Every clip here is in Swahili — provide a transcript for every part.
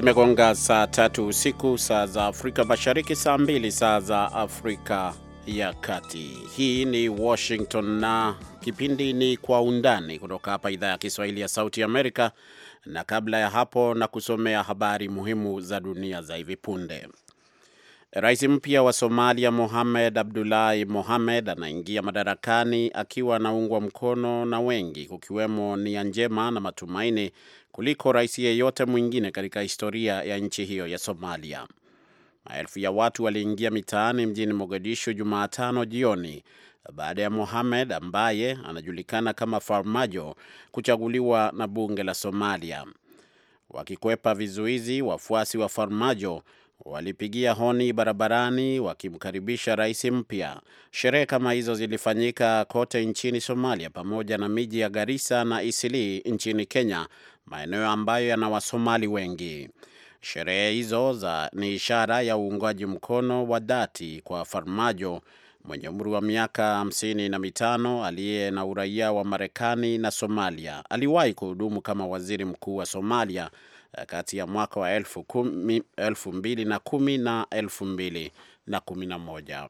Zimegonga saa tatu usiku saa za Afrika Mashariki, saa mbili saa za Afrika ya Kati. Hii ni Washington na kipindi ni Kwa Undani kutoka hapa idhaa ya Kiswahili ya Sauti Amerika, na kabla ya hapo na kusomea habari muhimu za dunia za hivi punde. Rais mpya wa Somalia Mohamed Abdullahi Mohamed anaingia madarakani akiwa anaungwa mkono na wengi, kukiwemo nia njema na matumaini kuliko rais yeyote mwingine katika historia ya nchi hiyo ya Somalia. Maelfu ya watu waliingia mitaani mjini Mogadishu Jumatano jioni baada ya Mohamed ambaye anajulikana kama Farmajo kuchaguliwa na bunge la Somalia. Wakikwepa vizuizi, wafuasi wa Farmajo walipigia honi barabarani wakimkaribisha rais mpya. Sherehe kama hizo zilifanyika kote nchini Somalia pamoja na miji ya Garissa na Isili nchini Kenya, maeneo ambayo yana Wasomali wengi. Sherehe hizo za ni ishara ya uungwaji mkono wa dhati kwa Farmajo mwenye umri wa miaka hamsini na mitano aliye na uraia wa Marekani na Somalia. Aliwahi kuhudumu kama waziri mkuu wa Somalia Eh, kati ya mwaka wa elfu kumi, elfu mbili na kumi na elfu mbili na kumi na moja.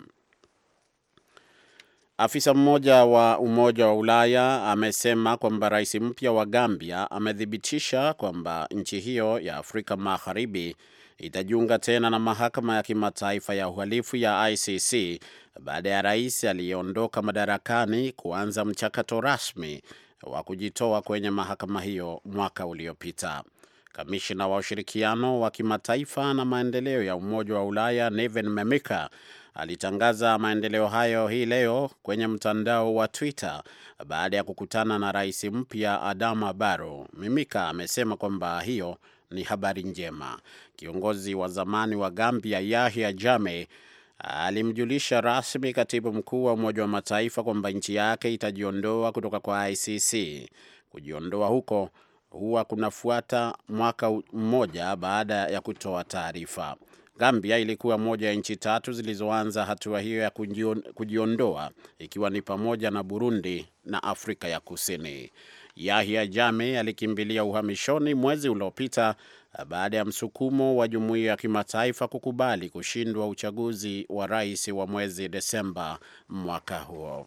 Afisa mmoja wa Umoja wa Ulaya amesema kwamba rais mpya wa Gambia amethibitisha kwamba nchi hiyo ya Afrika Magharibi itajiunga tena na mahakama ya kimataifa ya uhalifu ya ICC baada ya rais aliyeondoka madarakani kuanza mchakato rasmi wa kujitoa kwenye mahakama hiyo mwaka uliopita. Kamishna wa ushirikiano wa kimataifa na maendeleo ya Umoja wa Ulaya Neven Memika alitangaza maendeleo hayo hii leo kwenye mtandao wa Twitter baada ya kukutana na rais mpya Adama Barrow. Mimika amesema kwamba hiyo ni habari njema. Kiongozi wa zamani wa Gambia Yahya Jammeh alimjulisha rasmi katibu mkuu wa Umoja wa Mataifa kwamba nchi yake itajiondoa kutoka kwa ICC. Kujiondoa huko huwa kunafuata mwaka mmoja baada ya kutoa taarifa. Gambia ilikuwa moja ya nchi tatu zilizoanza hatua hiyo ya kujiondoa ikiwa ni pamoja na Burundi na Afrika ya Kusini. Yahya Jammeh alikimbilia uhamishoni mwezi uliopita eh, baada ya msukumo wa jumuiya ya kimataifa kukubali kushindwa uchaguzi wa rais wa mwezi Desemba mwaka huo.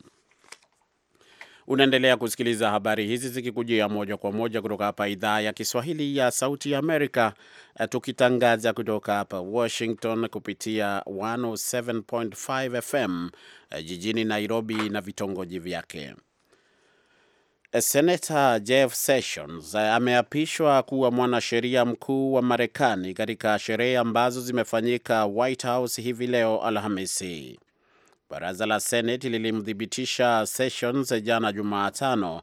Unaendelea kusikiliza habari hizi zikikujia moja kwa moja kutoka hapa idhaa ya Kiswahili ya Sauti ya Amerika, eh, tukitangaza kutoka hapa Washington kupitia 107.5 FM eh, jijini Nairobi na vitongoji vyake. Eh, Senata Jeff Sessions ameapishwa kuwa mwanasheria mkuu wa Marekani katika sherehe ambazo zimefanyika White House hivi leo Alhamisi. Baraza la Seneti lilimthibitisha Sessions jana Jumatano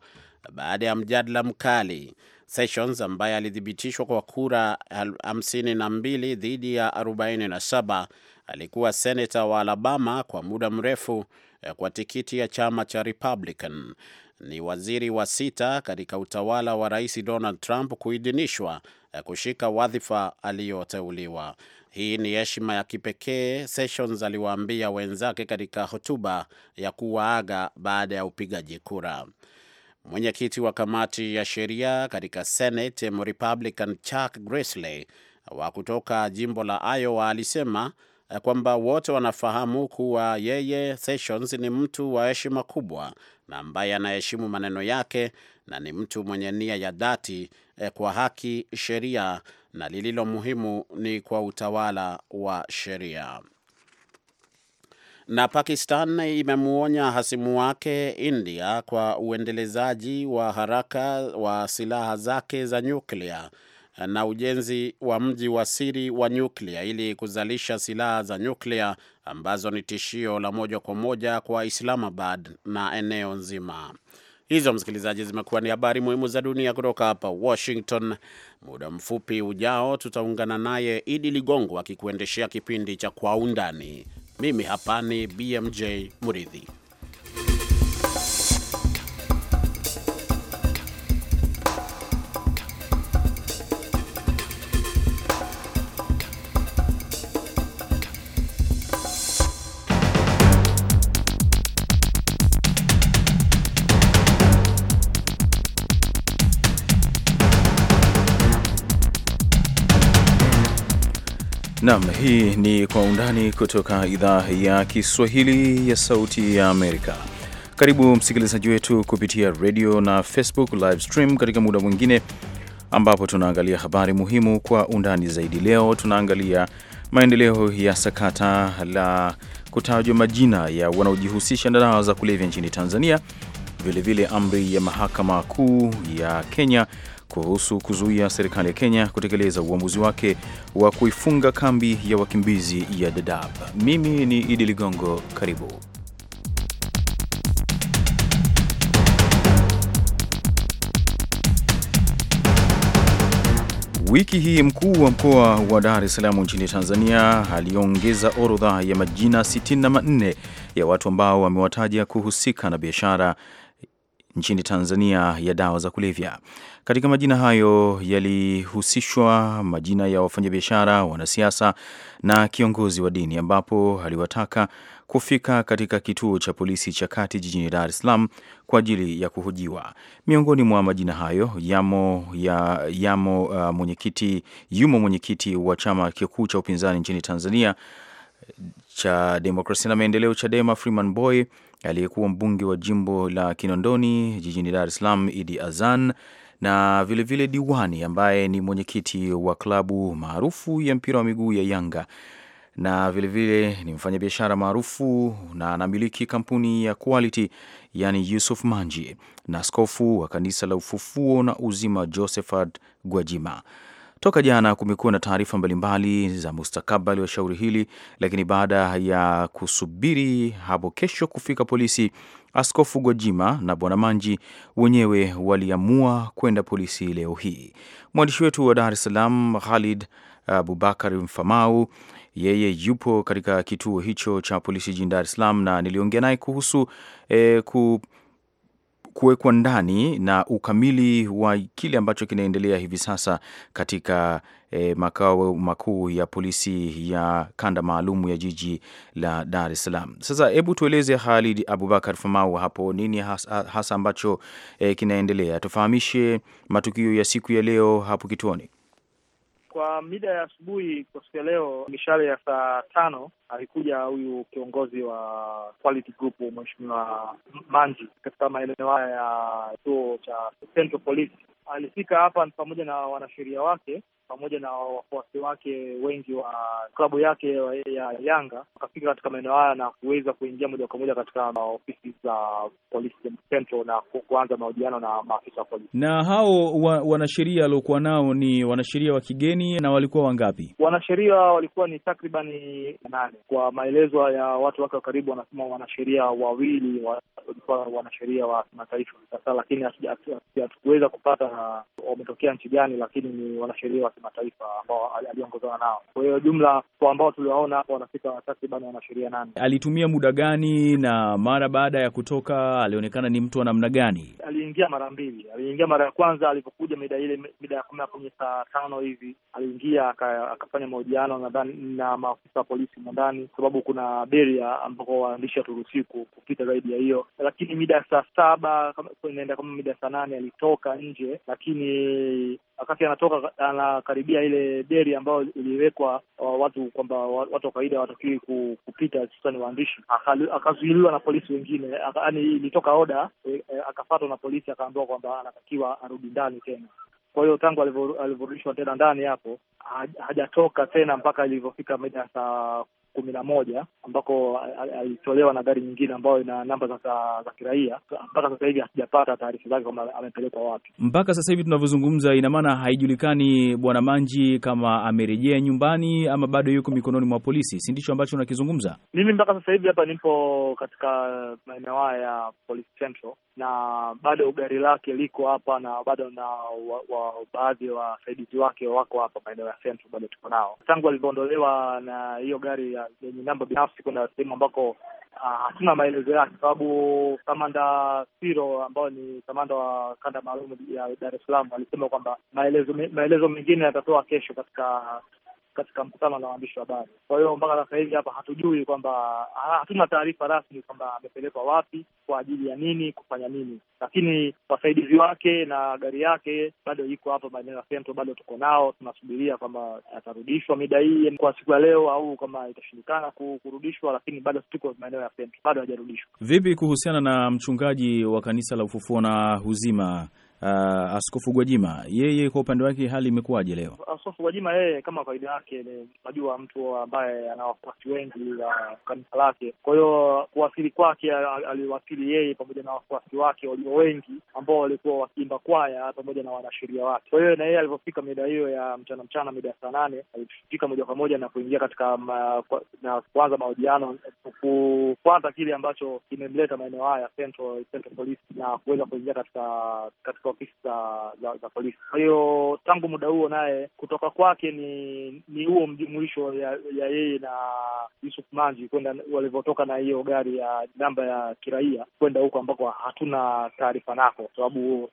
baada ya mjadala mkali. Sessions ambaye alithibitishwa kwa kura 52 dhidi ya 47 alikuwa senata wa Alabama kwa muda mrefu eh, kwa tikiti ya chama cha Republican. Ni waziri wa sita katika utawala wa Rais Donald Trump kuidhinishwa eh, kushika wadhifa aliyoteuliwa. Hii ni heshima ya kipekee, Sessions aliwaambia wenzake katika hotuba ya kuwaaga baada ya upigaji kura. Mwenyekiti wa kamati ya sheria katika Senate Mrepublican Chuck Grassley wa kutoka jimbo la Iowa alisema eh, kwamba wote wanafahamu kuwa yeye Sessions ni mtu wa heshima kubwa na ambaye anaheshimu maneno yake na ni mtu mwenye nia ya dhati eh, kwa haki, sheria na lililo muhimu ni kwa utawala wa sheria. Na Pakistan imemwonya hasimu wake India kwa uendelezaji wa haraka wa silaha zake za nyuklia na ujenzi wa mji wa siri wa nyuklia ili kuzalisha silaha za nyuklia ambazo ni tishio la moja kwa moja kwa Islamabad na eneo nzima. Hizo msikilizaji, zimekuwa ni habari muhimu za dunia kutoka hapa Washington. Muda mfupi ujao tutaungana naye Idi Ligongo akikuendeshea kipindi cha Kwa Undani. Mimi hapa ni BMJ Muridhi. nam hii ni Kwa Undani kutoka idhaa ya Kiswahili ya Sauti ya Amerika. Karibu msikilizaji wetu kupitia radio na Facebook live stream katika muda mwingine ambapo tunaangalia habari muhimu kwa undani zaidi. Leo tunaangalia maendeleo ya sakata la kutajwa majina ya wanaojihusisha na dawa za kulevya nchini Tanzania, vilevile vile amri ya mahakama kuu ya Kenya kuhusu kuzuia serikali ya Kenya kutekeleza uamuzi wake wa kuifunga kambi ya wakimbizi ya Dadaab. Mimi ni Idi Ligongo, karibu. Wiki hii mkuu wa mkoa wa Dar es Salaam nchini Tanzania aliongeza orodha ya majina 64 ya watu ambao wamewataja kuhusika na biashara nchini Tanzania ya dawa za kulevya. Katika majina hayo yalihusishwa majina ya wafanyabiashara, wanasiasa na kiongozi wa dini, ambapo aliwataka kufika katika kituo cha polisi cha kati jijini Dar es Salaam kwa ajili ya kuhojiwa. Miongoni mwa majina hayo yamo, ya, yamo uh, mwenyekiti yumo mwenyekiti wa chama kikuu cha upinzani nchini Tanzania cha Demokrasia na Maendeleo, Chadema, Freeman Boy aliyekuwa mbunge wa jimbo la Kinondoni jijini Dar es Salaam Idi Azan na vilevile vile diwani ambaye ni mwenyekiti wa klabu maarufu ya mpira wa miguu ya Yanga na vilevile vile ni mfanyabiashara maarufu na anamiliki kampuni ya Quality yani Yusuf Manji na askofu wa kanisa la Ufufuo na Uzima Josephat Gwajima. Toka jana kumekuwa na taarifa mbalimbali za mustakabali wa shauri hili, lakini baada ya kusubiri hapo kesho kufika polisi, Askofu Gwajima na Bwana Manji wenyewe waliamua kwenda polisi leo hii. Mwandishi wetu wa Dar es Salaam Khalid uh, Abubakar Mfamau yeye yupo katika kituo hicho cha polisi jijini Dar es Salaam na niliongea naye kuhusu eh, ku kuwekwa ndani na ukamili wa kile ambacho kinaendelea hivi sasa katika e, makao makuu ya polisi ya kanda maalum ya jiji la Dar es Salaam. Sasa hebu tueleze Khalid Abubakar Famau, hapo nini hasa, hasa ambacho e, kinaendelea, tufahamishe matukio ya siku ya leo hapo kituoni. Kwa mida ya asubuhi kwa siku ya leo, mishale ya saa tano alikuja huyu kiongozi wa Quality Group Mheshimiwa Manji katika maeneo haya ya chuo cha Central Police. Alifika hapa pamoja na wanasheria wake pamoja na wafuasi wake wengi wa klabu yake ya Yanga wakafika katika maeneo haya na kuweza kuingia moja kwa moja katika ofisi za polisi central na kuanza mahojiano na maafisa wa polisi. Na hao wa, wanasheria waliokuwa nao ni wanasheria wa kigeni na walikuwa wangapi? Wanasheria walikuwa ni takribani nane. Kwa maelezo ya watu wake wa karibu, wanasema wanasheria wawili walikuwa wanasheria wa kimataifa sasa, lakini hatukuweza kupata uh, wametokea nchi gani, lakini ni wanasheria wa kimataifa ambao aliongozana nao. Kwa hiyo jumla kwa ambao tuliwaona hapa wanafika takriban wanasheria nane. Alitumia muda gani na mara baada ya kutoka alionekana ni mtu wa namna gani? Aliingia mara mbili. Aliingia mara ya kwanza alipokuja mida ile mida ya kumi na kumi saa tano hivi aliingia akafanya mahojiano nadhani na maafisa wa polisi mwa ndani, kwa sababu kuna beria ambako waandishi haturuhusiwi kupita zaidi ya hiyo. Lakini mida ya saa saba inaenda kama mida ya saa nane alitoka nje, lakini wakati anatoka anakaribia ile deri ambayo iliwekwa uh, watu kwamba watu wa kawaida hawatakiwi kupita, hususani waandishi, akazuiliwa na polisi wengine, yaani ilitoka oda e, e, akafatwa na polisi, akaambiwa kwamba anatakiwa arudi ndani tena. Kwa hiyo tangu alivyorudishwa tena ndani hapo hajatoka tena mpaka ilivyofika mida saa kumi na moja ambako alitolewa na gari nyingine ambayo ina namba za kiraia. Mpaka sasa hivi hatujapata taarifa zake kwamba amepelekwa wapi. Mpaka sasa hivi tunavyozungumza, ina maana haijulikani Bwana Manji kama amerejea nyumbani ama bado yuko mikononi mwa polisi, si ndicho ambacho unakizungumza? Mimi mpaka sasa hivi hapa nipo katika maeneo haya ya Police Central na bado gari lake liko hapa na bado na baadhi ya wasaidizi wake wako hapa maeneo ya Central, bado tuko nao tangu alivyoondolewa na hiyo gari yenye namba binafsi kwenda sehemu ambako ah, hatuna maelezo yake, sababu kamanda Siro ambayo ni kamanda wa kanda maalum ya Dar es Salaam alisema kwamba maelezo maelezo mengine yatatoa kesho katika katika mkutano na waandishi wa habari. Kwa hiyo mpaka sasa hivi hapa hatujui kwamba, hatuna taarifa rasmi kwamba amepelekwa wapi, kwa ajili ya nini, kufanya nini, lakini wasaidizi wake na gari yake bado iko hapa maeneo ya Sento, bado tuko nao, tunasubiria kwamba atarudishwa mida hii kwa siku ya leo au kama itashindikana kurudishwa, lakini bado tuko maeneo ya Sento, bado hajarudishwa. Vipi kuhusiana na mchungaji wa kanisa la Ufufuo na Uzima Uh, Askofu Gwajima yeye kwa upande wake hali imekuwaje leo? Askofu Gwajima yeye kama kawaida yake, najua mtu ambaye ana wafuasi wengi wa kanisa lake, kwa hiyo kuwasili kwake, aliwasili yeye pamoja na wafuasi wake walio wengi ambao walikuwa wakiimba kwaya pamoja na wanasheria wake. Kwa hiyo na yeye alivyofika mida hiyo ya mchana mchana, mida ya saa nane, alifika moja kwa moja na kuingia katika ma, uh, kwa, na kuanza mahojiano, kufuata kile ambacho kimemleta maeneo haya Central Central Police na kuweza kuingia katika katika katika ofisi za za, za polisi. Kwa hiyo tangu muda huo naye kutoka kwake ni ni huo mjumuisho ya, ya yeye na Yusuf Manji kwenda walivyotoka na hiyo gari ya namba ya kiraia kwenda huko ambako hatuna taarifa nako, kwa sababu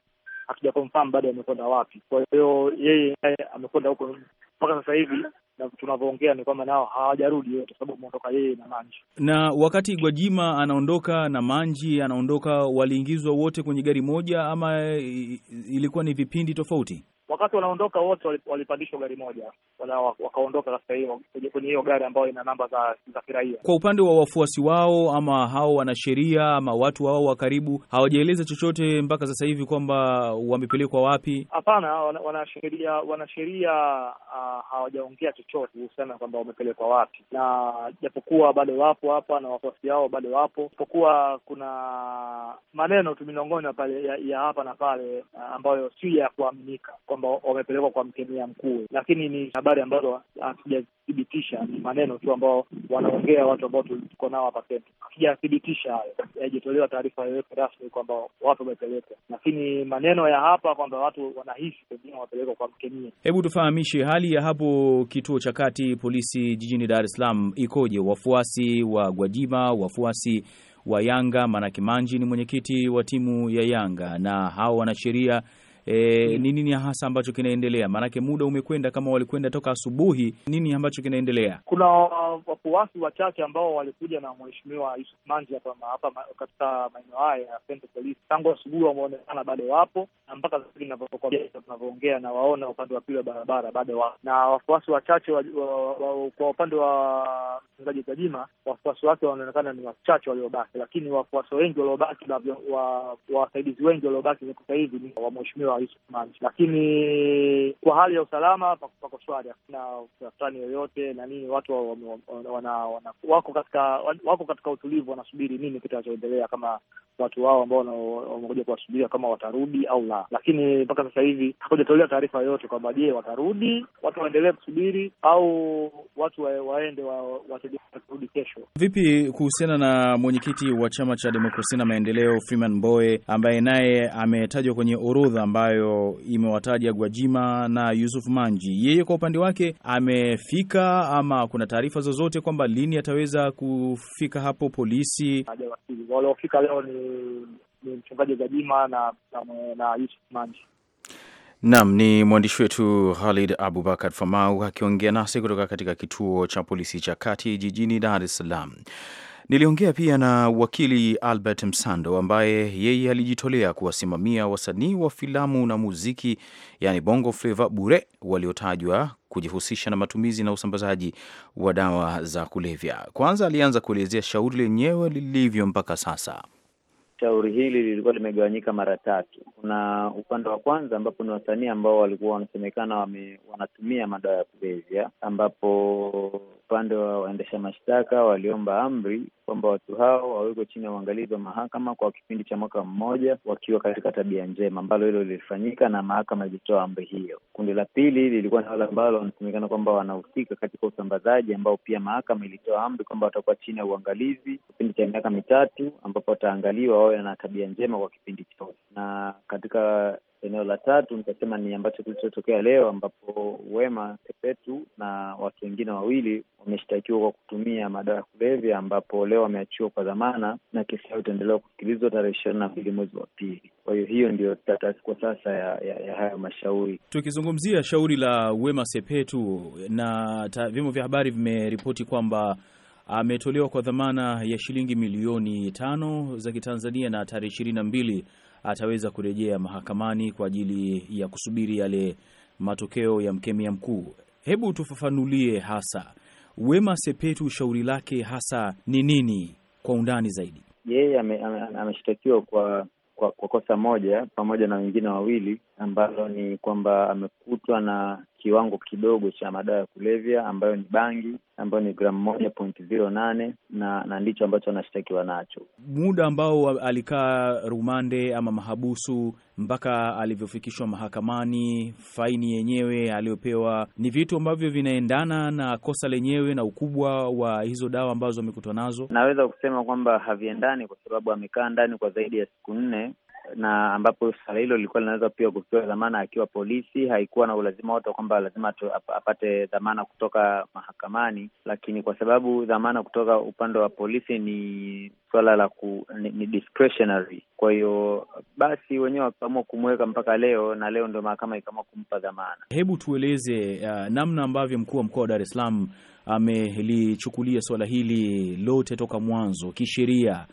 hatuja confirm bado amekwenda wapi. Kwa hiyo yeye amekwenda huko mpaka sasa hivi na tunavyoongea ni kwamba nao hawajarudi yote, kwa sababu ameondoka yeye na Manji. Na wakati Gwajima anaondoka na Manji anaondoka, waliingizwa wote kwenye gari moja ama ilikuwa ni vipindi tofauti? Wakati wanaondoka wote walipandishwa gari moja, wakaondoka katika hiyo kwenye hiyo gari ambayo ina namba za za kiraia. Kwa upande wa wafuasi wao ama hao wanasheria ama watu wao wa karibu hawajaeleza chochote mpaka sasa hivi kwamba wamepelekwa wapi? Hapana, wanasheria wanasheria uh, hawajaongea chochote huhusiana kwamba wamepelekwa wapi, na japokuwa bado wapo hapa na wafuasi wao bado wapo, japokuwa kuna maneno tu minong'ono ya, ya hapa na pale uh, ambayo si ya kuaminika kwa kwamba wamepelekwa kwa mkemia mkuu, lakini ni habari ambazo hatujathibitisha, ni maneno tu ambao wanaongea watu ambao tuko nao hapa Kenya. Hatujathibitisha hayo, haijatolewa taarifa yoyote rasmi kwamba watu wamepelekwa, lakini maneno ya hapa kwamba watu wanahisi pengine wamepelekwa kwa mkemia. Hebu tufahamishe hali ya hapo kituo cha kati polisi jijini Dar es Salaam ikoje? Wafuasi wa Gwajima, wafuasi wa Yanga, maanake manji ni mwenyekiti wa timu ya Yanga na hao wanasheria e, ni nini hasa ambacho kinaendelea? Maanake muda umekwenda, kama walikwenda toka asubuhi. Nini ambacho kinaendelea? Kuna wafuasi wachache ambao walikuja na mheshimiwa Yusuf Manji hapa hapa katika maeneo haya ya Central Police tangu asubuhi, wameonekana bado wapo na mpaka sasa tunavyoongea na waona upande wa pili wa barabara bado wapo, na wafuasi wachache wa, wa, wa, kwa upande wa mchungaji Gwajima wafuasi wake wanaonekana ni wachache waliobaki, lakini wafuasi wengi waliobaki wasaidizi wengi waliobaki sasa hivi ni wa mheshimiwa hawaishi lakini kwa hali ya usalama pako shwari, hakuna tafrani yoyote na nini, watu wako katika wako katika utulivu, wanasubiri nini kitachoendelea, kama watu wao ambao wamekuja kuwasubiria kama watarudi au la. Lakini mpaka sasa hivi hakujatolewa taarifa yoyote kwamba je, watarudi watu waendelee kusubiri au watu wa, waende watarudi wa, kesho. Vipi kuhusiana na mwenyekiti wa chama cha demokrasia na maendeleo Freeman Mbowe ambaye naye ametajwa kwenye orodha ambayo ambayo imewataja Gwajima na Yusuf Manji. Yeye kwa upande wake amefika ama kuna taarifa zozote kwamba lini ataweza kufika hapo polisi? Waliofika leo ni, ni mchungaji Gwajima na, na, na Yusuf Manji. Naam, ni mwandishi wetu Khalid Abubakar Famau akiongea nasi kutoka katika kituo cha polisi cha kati jijini Dar es Salaam. Niliongea pia na wakili Albert Msando ambaye yeye alijitolea kuwasimamia wasanii wa filamu na muziki, yani bongo fleva bure, waliotajwa kujihusisha na matumizi na usambazaji wa dawa za kulevya. Kwanza alianza kuelezea shauri lenyewe lilivyo mpaka sasa. Shauri hili lilikuwa limegawanyika mara tatu. Kuna upande wa kwanza ambapo ni wasanii ambao walikuwa wanasemekana wanatumia madawa ya kulevya, ambapo Upande wa waendesha mashtaka waliomba amri kwamba watu hao wawekwe chini ya uangalizi wa mahakama kwa kipindi cha mwaka mmoja wakiwa katika tabia njema, ambalo hilo lilifanyika na mahakama ilitoa amri hiyo. Kundi la pili lilikuwa ni wale ambalo wanasemekana kwamba wanahusika katika usambazaji, ambao pia mahakama ilitoa amri kwamba watakuwa chini ya uangalizi kipindi cha miaka mitatu, ambapo wataangaliwa wawe na tabia njema kwa kipindi chote, na katika Eneo la tatu nitasema ni ambacho kilichotokea leo, ambapo Wema Sepetu na watu wengine wawili wameshtakiwa kwa kutumia madawa ya kulevya, ambapo leo wameachiwa kwa dhamana na kesi yao itaendelea kusikilizwa tarehe ishirini na mbili mwezi wa pili. Kwa hiyo hiyo ndio tatasi kwa sasa ya, ya, ya hayo mashauri. Tukizungumzia shauri la Wema Sepetu, na vyombo vya habari vimeripoti kwamba ametolewa kwa dhamana ya shilingi milioni tano za Kitanzania na tarehe ishirini na mbili ataweza kurejea mahakamani kwa ajili ya kusubiri yale matokeo ya mkemia mkuu. Hebu tufafanulie hasa Wema Sepetu, shauri lake hasa ni nini kwa undani zaidi? Yeye ameshitakiwa kwa kwa, kwa kosa moja pamoja na wengine wawili ambalo ni kwamba amekutwa na kiwango kidogo cha madawa ya kulevya ambayo ni bangi ambayo ni gramu moja point zero nane na, na ndicho ambacho anashtakiwa nacho. Muda ambao alikaa rumande ama mahabusu mpaka alivyofikishwa mahakamani, faini yenyewe aliyopewa ni vitu ambavyo vinaendana na kosa lenyewe na ukubwa wa hizo dawa ambazo amekutwa nazo. Naweza kusema kwamba haviendani kwa sababu amekaa ndani kwa zaidi ya siku nne na ambapo suala hilo lilikuwa linaweza pia kupewa dhamana akiwa polisi. Haikuwa na ulazima wote kwamba lazima tu, ap, apate dhamana kutoka mahakamani, lakini kwa sababu dhamana kutoka upande wa polisi ni suala la ku, ni, ni discretionary. Kwa hiyo basi wenyewe wakaamua kumweka mpaka leo, na leo ndio mahakama ikaamua kumpa dhamana. Hebu tueleze uh, namna ambavyo mkuu wa mkoa wa Dar es Salaam amelichukulia suala hili lote toka mwanzo kisheria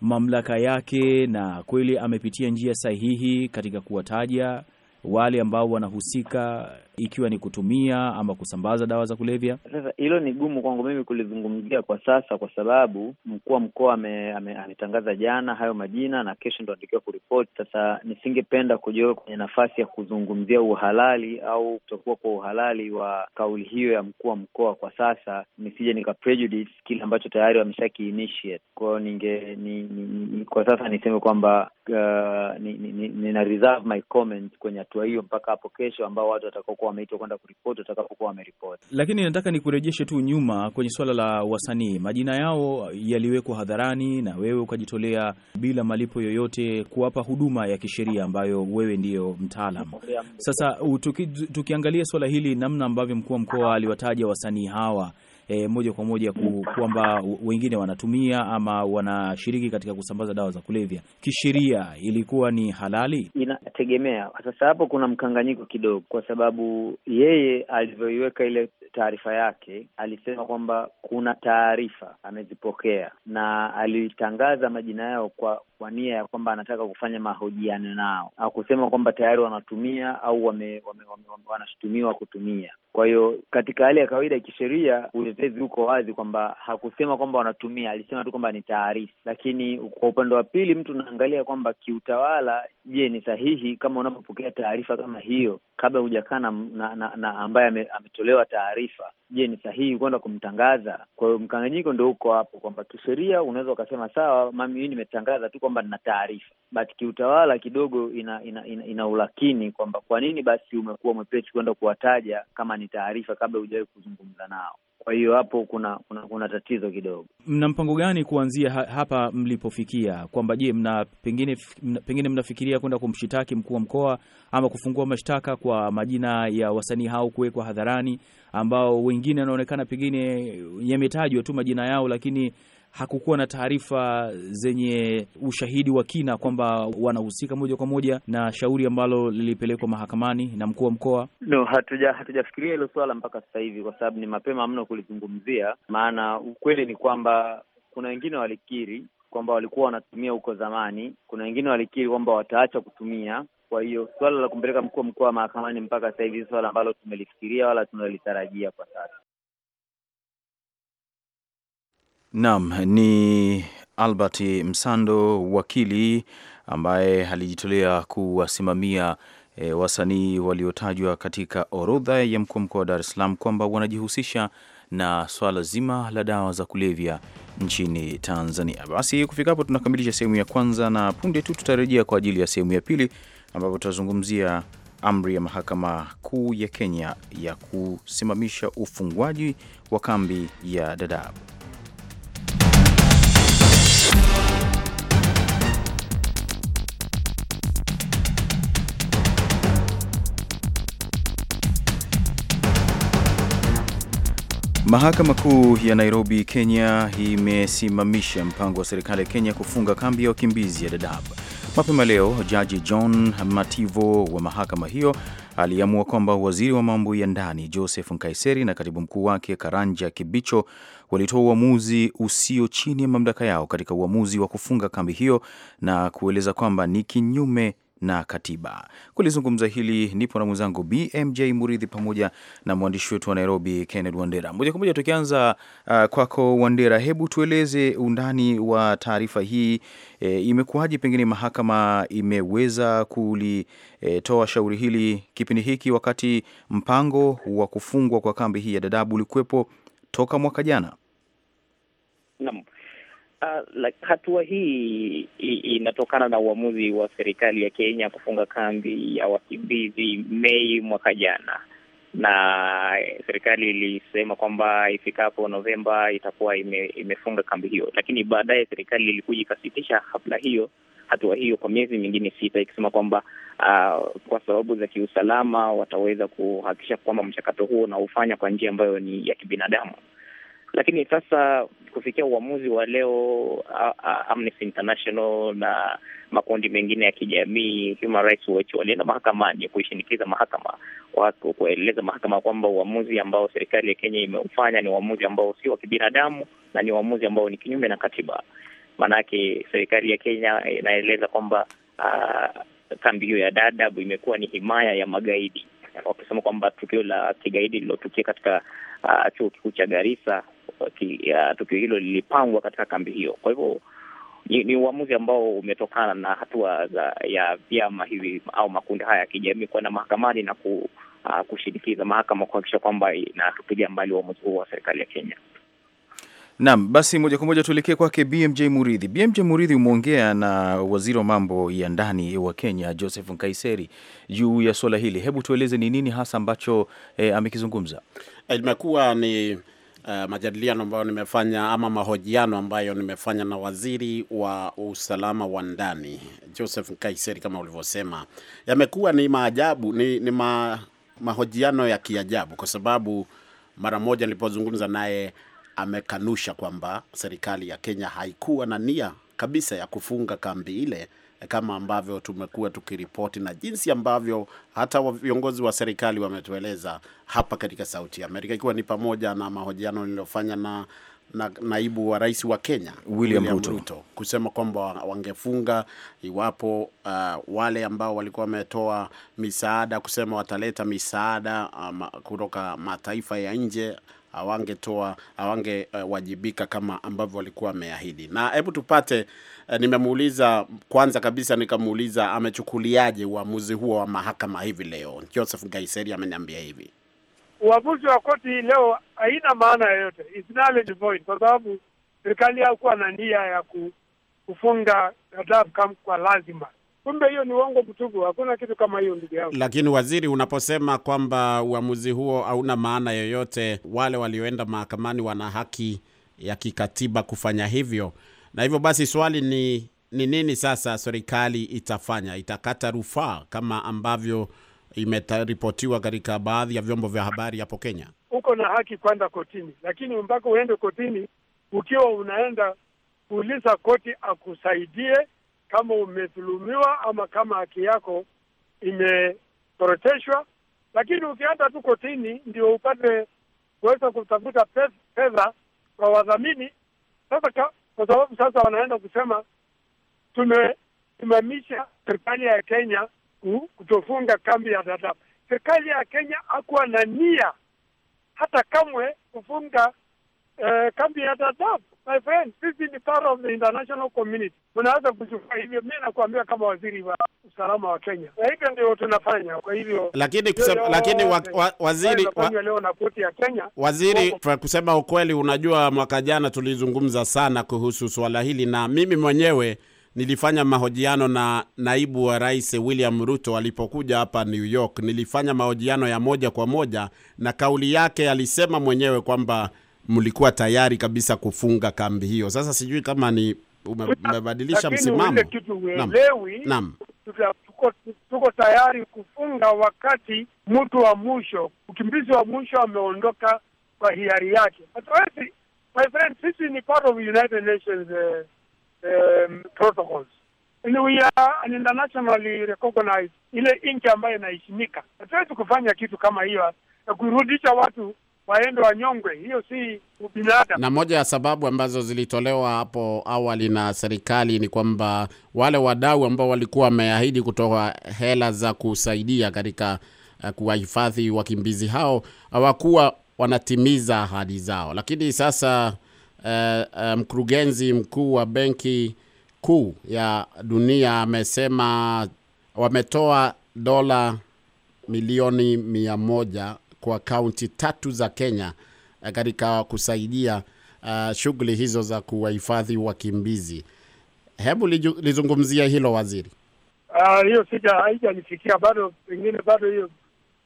mamlaka yake na kweli amepitia njia sahihi katika kuwataja wale ambao wanahusika ikiwa ni kutumia ama kusambaza dawa za kulevya? Sasa hilo ni gumu kwangu mimi kulizungumzia kwa sasa, kwa sababu mkuu wa mkoa ametangaza jana hayo majina na kesho ndo anatakiwa kuripoti. Sasa nisingependa kujiweka kwenye nafasi ya kuzungumzia uhalali au kutokuwa kwa uhalali wa kauli hiyo ya mkuu wa mkoa kwa sasa, nisije nika prejudice kile ambacho tayari wamesha Kwa kwao. ninge ni, ni, ni, kwa sasa niseme kwamba uh, nina ni, ni, ni reserve my comment kwenye hatua hiyo mpaka hapo kesho ambao watu watakaokuwa wameitwa kwenda kuripoti watakapokuwa wameripoti. Lakini nataka nikurejeshe tu nyuma kwenye suala la wasanii, majina yao yaliwekwa hadharani na wewe ukajitolea bila malipo yoyote kuwapa huduma ya kisheria ambayo wewe ndiyo mtaalam. Sasa tuki, tukiangalia suala hili namna ambavyo mkuu wa mkoa aliwataja wasanii hawa e, moja kwa moja ku, kwamba wengine wanatumia ama wanashiriki katika kusambaza dawa za kulevya, kisheria ilikuwa ni halali? Inategemea. Sasa hapo kuna mkanganyiko kidogo, kwa sababu yeye alivyoiweka ile taarifa yake alisema kwamba kuna taarifa amezipokea na alitangaza majina yao kwa kwa nia ya kwamba anataka kufanya mahojiano nao, au kusema kwamba tayari wanatumia au wame, wame, wame, wame, wanashutumiwa kutumia. Kwa hiyo katika hali ya kawaida ya kisheria Pezi huko wazi kwamba hakusema kwamba wanatumia, alisema tu kwamba ni taarifa. Lakini kwa upande wa pili, mtu unaangalia kwamba kiutawala, je, ni sahihi kama unapopokea taarifa kama hiyo kabla hujakaa na, na, na ambaye ame, ametolewa taarifa, je, ni sahihi kwenda kumtangaza? Kwa hiyo mkanganyiko ndo uko hapo kwamba kisheria unaweza ukasema sawa, mami, hii nimetangaza tu kwamba nina taarifa, but kiutawala kidogo ina, ina, ina, ina ulakini kwamba kwa nini basi umekuwa mwepesi kwenda kuwataja kama ni taarifa kabla hujawahi kuzungumza nao. Kwa hiyo hapo kuna, kuna kuna tatizo kidogo. Mna mpango gani kuanzia hapa mlipofikia, kwamba je, mna pengine mna, pengine mnafikiria kwenda kumshitaki mkuu wa mkoa ama kufungua mashtaka kwa majina ya wasanii hao kuwekwa hadharani, ambao wengine wanaonekana pengine yametajwa tu majina yao, lakini hakukuwa na taarifa zenye ushahidi wa kina kwamba wanahusika moja kwa moja na shauri ambalo lilipelekwa mahakamani na mkuu wa mkoa? No, hatuja hatujafikiria hilo swala mpaka sasa hivi, kwa sababu ni mapema mno kulizungumzia. Maana ukweli ni kwamba kuna wengine walikiri kwamba walikuwa wanatumia huko zamani, kuna wengine walikiri kwamba wataacha kutumia kwa hiyo swala la kumpeleka mkuu wa mkoa mahakamani mpaka sasa hivi swala ambalo tumelifikiria wala tunalitarajia kwa sasa. Naam, ni Albert Msando, wakili ambaye alijitolea kuwasimamia e, wasanii waliotajwa katika orodha ya mkuu wa mkoa wa Dar es Salaam kwamba wanajihusisha na swala zima la dawa za kulevya nchini Tanzania. Basi kufika hapo tunakamilisha sehemu ya kwanza, na punde tu tutarejea kwa ajili ya sehemu ya pili ambapo tutazungumzia amri ya mahakama kuu ya Kenya ya kusimamisha ufungwaji wa kambi ya Dadaab. Mahakama Kuu ya Nairobi, Kenya imesimamisha mpango wa serikali ya Kenya kufunga kambi ya wakimbizi ya Dadaab. Mapema leo, Jaji John Mativo wa mahakama hiyo aliamua kwamba waziri wa mambo ya ndani Joseph Nkaiseri na katibu mkuu wake Karanja Kibicho walitoa uamuzi usio chini ya mamlaka yao katika uamuzi wa kufunga kambi hiyo na kueleza kwamba ni kinyume na katiba. Kulizungumza hili nipo na mwenzangu BMJ Muridhi pamoja na mwandishi wetu wa Nairobi Kenneth Wandera. Moja kwa moja tukianza uh, kwako Wandera, hebu tueleze undani wa taarifa hii e, imekuwaje? Pengine mahakama imeweza kulitoa e, shauri hili kipindi hiki, wakati mpango wa kufungwa kwa kambi hii ya Dadaab ulikuwepo toka mwaka jana. Naam. Uh, like, hatua hii inatokana na uamuzi wa serikali ya Kenya kufunga kambi ya wakimbizi Mei mwaka jana, na eh, serikali ilisema kwamba ifikapo Novemba itakuwa ime, imefunga kambi hiyo, lakini baadaye serikali ilikuja ikasitisha hafla hiyo hatua hiyo kwa miezi mingine sita, ikisema kwamba uh, kwa sababu za kiusalama wataweza kuhakikisha kwamba mchakato huo unaufanya kwa njia ambayo ni ya kibinadamu. Lakini sasa kufikia uamuzi wa leo, Amnesty International na makundi mengine ya kijamii, Human Rights Watch walienda mahakamani kuishinikiza mahakama watu, kueleza mahakama kwamba uamuzi ambao serikali ya Kenya imeufanya ni uamuzi ambao sio wa kibinadamu na ni uamuzi ambao ni kinyume na katiba. Maanake serikali ya Kenya inaeleza kwamba uh, kambi hiyo ya Dadaab imekuwa ni himaya ya magaidi, wakisema kwamba tukio la kigaidi lililotukia katika uh, chuo kikuu cha Garissa ki, tukio hilo lilipangwa katika kambi hiyo. Kwa hivyo ni, ni uamuzi ambao umetokana na hatua za, ya vyama hivi au makundi haya ya kijamii kwenda mahakamani na ku, uh, kushinikiza mahakama kuhakikisha kwamba inatupilia mbali uamuzi huo wa serikali ya Kenya. Naam, basi moja kwa moja tuelekee kwake BMJ Muridhi. BMJ Muridhi, umeongea na waziri wa mambo ya ndani wa Kenya Joseph Nkaiseri juu ya suala hili. Hebu tueleze ni nini hasa ambacho eh, amekizungumza. Eh, imekuwa ni Eh, majadiliano ambayo nimefanya ama mahojiano ambayo nimefanya na waziri wa usalama wa ndani Joseph kaiseri kama ulivyosema, yamekuwa ni maajabu, ni, ni ma, mahojiano ya kiajabu, kwa sababu mara moja nilipozungumza naye amekanusha kwamba serikali ya Kenya haikuwa na nia kabisa ya kufunga kambi ile kama ambavyo tumekuwa tukiripoti na jinsi ambavyo hata viongozi wa serikali wametueleza hapa katika Sauti ya Amerika, ikiwa ni pamoja na mahojiano niliyofanya na na naibu wa rais wa Kenya William, William Ruto. Ruto kusema kwamba wangefunga iwapo uh, wale ambao walikuwa wametoa misaada kusema wataleta misaada um, kutoka mataifa ya nje hawangetoa hawangewajibika eh, uh, kama ambavyo walikuwa wameahidi. Na hebu tupate uh, nimemuuliza kwanza kabisa nikamuuliza amechukuliaje uamuzi huo wa mahakama hivi leo. Joseph Gaiseri ameniambia hivi, uamuzi wa koti hii leo haina maana yoyote, it's null and void, kwa sababu serikali hakuwa na nia ya kufunga Dadaab Camp kwa lazima. Kumbe hiyo ni uongo mtupu, hakuna kitu kama hiyo ndugu yangu. Lakini waziri, unaposema kwamba uamuzi huo hauna maana yoyote, wale walioenda mahakamani wana haki ya kikatiba kufanya hivyo, na hivyo basi swali ni ni nini sasa serikali itafanya? Itakata rufaa kama ambavyo imeripotiwa katika baadhi ya vyombo vya habari hapo Kenya? Uko na haki kwenda kotini, lakini mpaka uende kotini, ukiwa unaenda kuuliza koti akusaidie kama umedhulumiwa ama kama haki yako imetoroteshwa, lakini ukienda tu kotini ndio upate kuweza kutafuta fedha kwa wadhamini. Sasa kwa sababu sasa wanaenda kusema tumesimamisha serikali ya Kenya kutofunga kambi ya Dadaab. Serikali ya Kenya hakuwa na nia hata kamwe kufunga Uh, kambi ya Dadaab, my friend, sisi ni part of the international community, kuchukua hivyo. Mi nakuambia kama waziri wa usalama wa Kenya, na hivyo ndio tunafanya. Kwa hivyo lakini kusema, lakini wa, wa, waziri wa, leo na koti ya Kenya waziri kwa kusema ukweli, unajua mwaka jana tulizungumza sana kuhusu swala hili, na mimi mwenyewe nilifanya mahojiano na naibu wa rais William Ruto alipokuja hapa New York. Nilifanya mahojiano ya moja kwa moja, na kauli yake alisema mwenyewe kwamba mlikuwa tayari kabisa kufunga kambi hiyo. Sasa sijui kama ni umebadilisha msimamo. kitu Naam, tuko, tuko tayari kufunga wakati mtu wa mwisho, mkimbizi wa mwisho ameondoka kwa hiari yake. Hatuwezi my friend, sisi ni part of United Nations uh, um, protocols and we are an internationally recognized ile nchi ambayo inaheshimika. Hatuwezi kufanya kitu kama hiyo kurudisha watu waende wanyongwe. Hiyo si ubinadamu. Na moja ya sababu ambazo zilitolewa hapo awali na serikali ni kwamba wale wadau ambao walikuwa wameahidi kutoa hela za kusaidia katika uh, kuwahifadhi wakimbizi hao hawakuwa wanatimiza ahadi zao, lakini sasa uh, mkurugenzi mkuu wa benki kuu ya dunia amesema wametoa dola milioni mia moja kwa kaunti tatu za Kenya eh, katika kusaidia uh, shughuli hizo za kuwahifadhi wakimbizi. Hebu lizungumzia hilo waziri. Uh, hiyo sija haijanifikia bado, pengine bado hiyo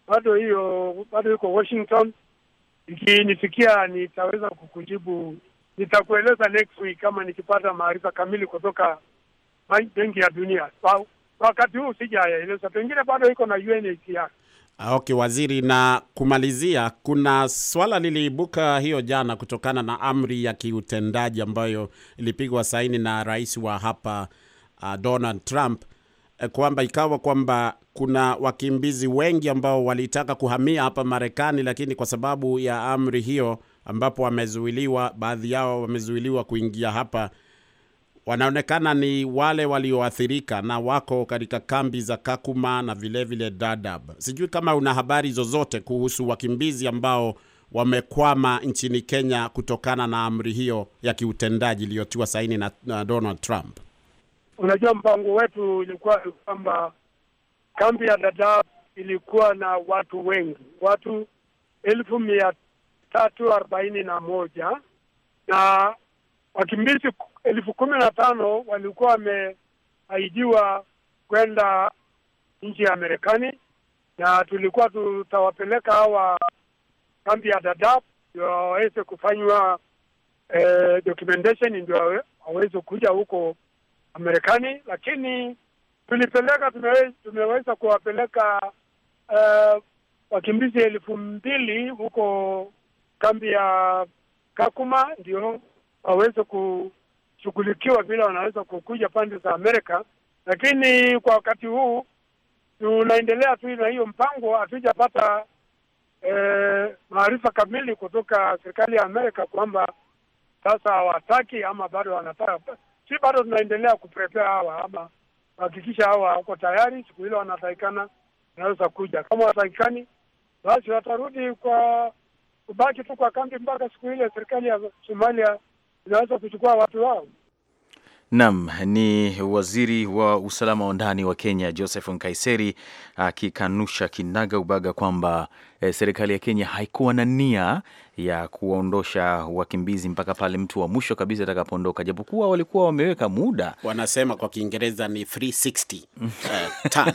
bado hiyo bado yuko Washington. Ikinifikia nitaweza kukujibu, nitakueleza next week kama nikipata maarifa kamili kutoka Benki ya Dunia. Wakati huu sijayaeleza, pengine bado iko na UNHCR. Ah, okay, waziri, na kumalizia, kuna swala liliibuka hiyo jana kutokana na amri ya kiutendaji ambayo ilipigwa saini na rais wa hapa uh, Donald Trump eh, kwamba ikawa kwamba kuna wakimbizi wengi ambao walitaka kuhamia hapa Marekani, lakini kwa sababu ya amri hiyo, ambapo wamezuiliwa, baadhi yao wamezuiliwa kuingia hapa wanaonekana ni wale walioathirika na wako katika kambi za Kakuma na vilevile vile Dadab. Sijui kama una habari zozote kuhusu wakimbizi ambao wamekwama nchini Kenya kutokana na amri hiyo ya kiutendaji iliyotiwa saini na, na Donald Trump. Unajua, mpango wetu ilikuwa kwamba kambi ya Dadaab ilikuwa na watu wengi, watu elfu mia tatu arobaini na moja na wakimbizi elfu kumi na tano walikuwa wameahidiwa kwenda nchi ya Marekani, na tulikuwa tutawapeleka hawa kambi ya Dadaab ndio waweze kufanywa eh, documentation ndio waweze kuja huko Marekani, lakini tulipeleka tumewe, tumeweza kuwapeleka uh, wakimbizi elfu mbili huko kambi ya Kakuma ndio waweze ku kushughulikiwa vile wanaweza kukuja pande za Amerika, lakini kwa wakati huu tunaendelea tu na hiyo mpango. Hatujapata e, maarifa kamili kutoka serikali ya Amerika kwamba sasa hawataki ama bado wanataka. Si bado tunaendelea kuprepare hawa ama kuhakikisha hawa wako tayari, siku hilo wanatakikana, wanaweza kuja. Kama watakikani, basi watarudi kwa kubaki tu kwa kambi mpaka siku ile serikali ya Somalia inaweza kuchukua watu wao. Nam ni waziri wa usalama wa ndani wa Kenya Joseph Nkaiseri akikanusha kinaga ubaga kwamba eh, serikali ya Kenya haikuwa na nia ya kuwaondosha wakimbizi mpaka pale mtu wa mwisho kabisa atakapoondoka, japokuwa walikuwa wameweka muda, wanasema kwa Kiingereza ni 360 uh, turn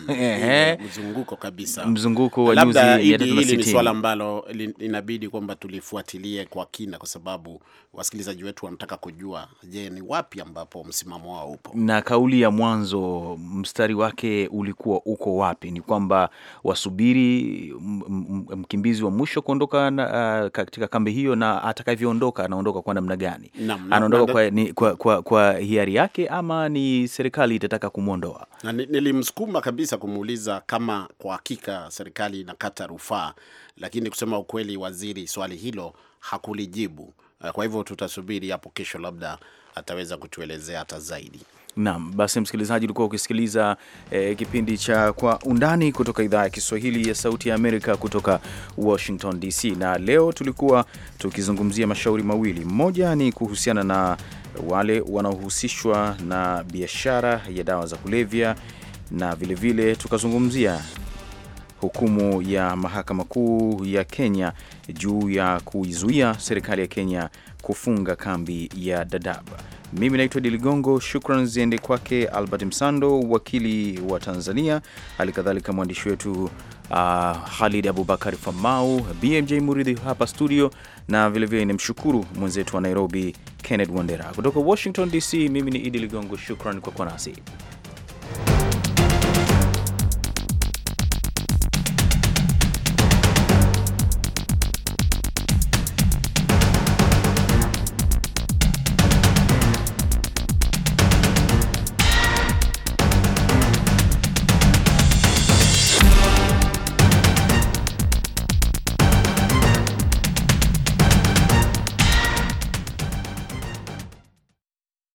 mzunguko kabisa, mzunguko wa nyuzi. Hili ni swala ambalo inabidi kwamba tulifuatilie kwa kina, kwa sababu wasikilizaji wetu wanataka kujua, je, ni wapi ambapo msimamo wao upo, na kauli ya mwanzo mstari wake ulikuwa uko wapi? Ni kwamba wasubiri mkimbizi wa mwisho kuondoka ah, katika kambi hiyo na atakavyoondoka, anaondoka kwa namna gani? Anaondoka kwa, kwa, kwa, kwa hiari yake ama ni serikali itataka kumwondoa? Na nilimsukuma kabisa kumuuliza kama kwa hakika serikali inakata rufaa, lakini kusema ukweli, waziri swali hilo hakulijibu. Eh, kwa hivyo tutasubiri hapo kesho, labda ataweza kutuelezea hata zaidi. Naam, basi msikilizaji, ulikuwa ukisikiliza eh, kipindi cha Kwa Undani kutoka idhaa ya Kiswahili ya Sauti ya Amerika kutoka Washington DC, na leo tulikuwa tukizungumzia mashauri mawili. Mmoja ni kuhusiana na wale wanaohusishwa na biashara ya dawa za kulevya, na vilevile vile tukazungumzia hukumu ya Mahakama Kuu ya Kenya juu ya kuizuia serikali ya Kenya kufunga kambi ya Dadaab. Mimi naitwa Diligongo. Shukran ziende kwake Albert Msando, wakili wa Tanzania, hali kadhalika mwandishi wetu uh, ah, Halid Abubakar Famau, BMJ Muridhi hapa studio, na vilevile nimshukuru mwenzetu wa Nairobi, Kenneth Wandera. Kutoka Washington DC, mimi ni Idi Ligongo, shukran kwa kuwa nasi.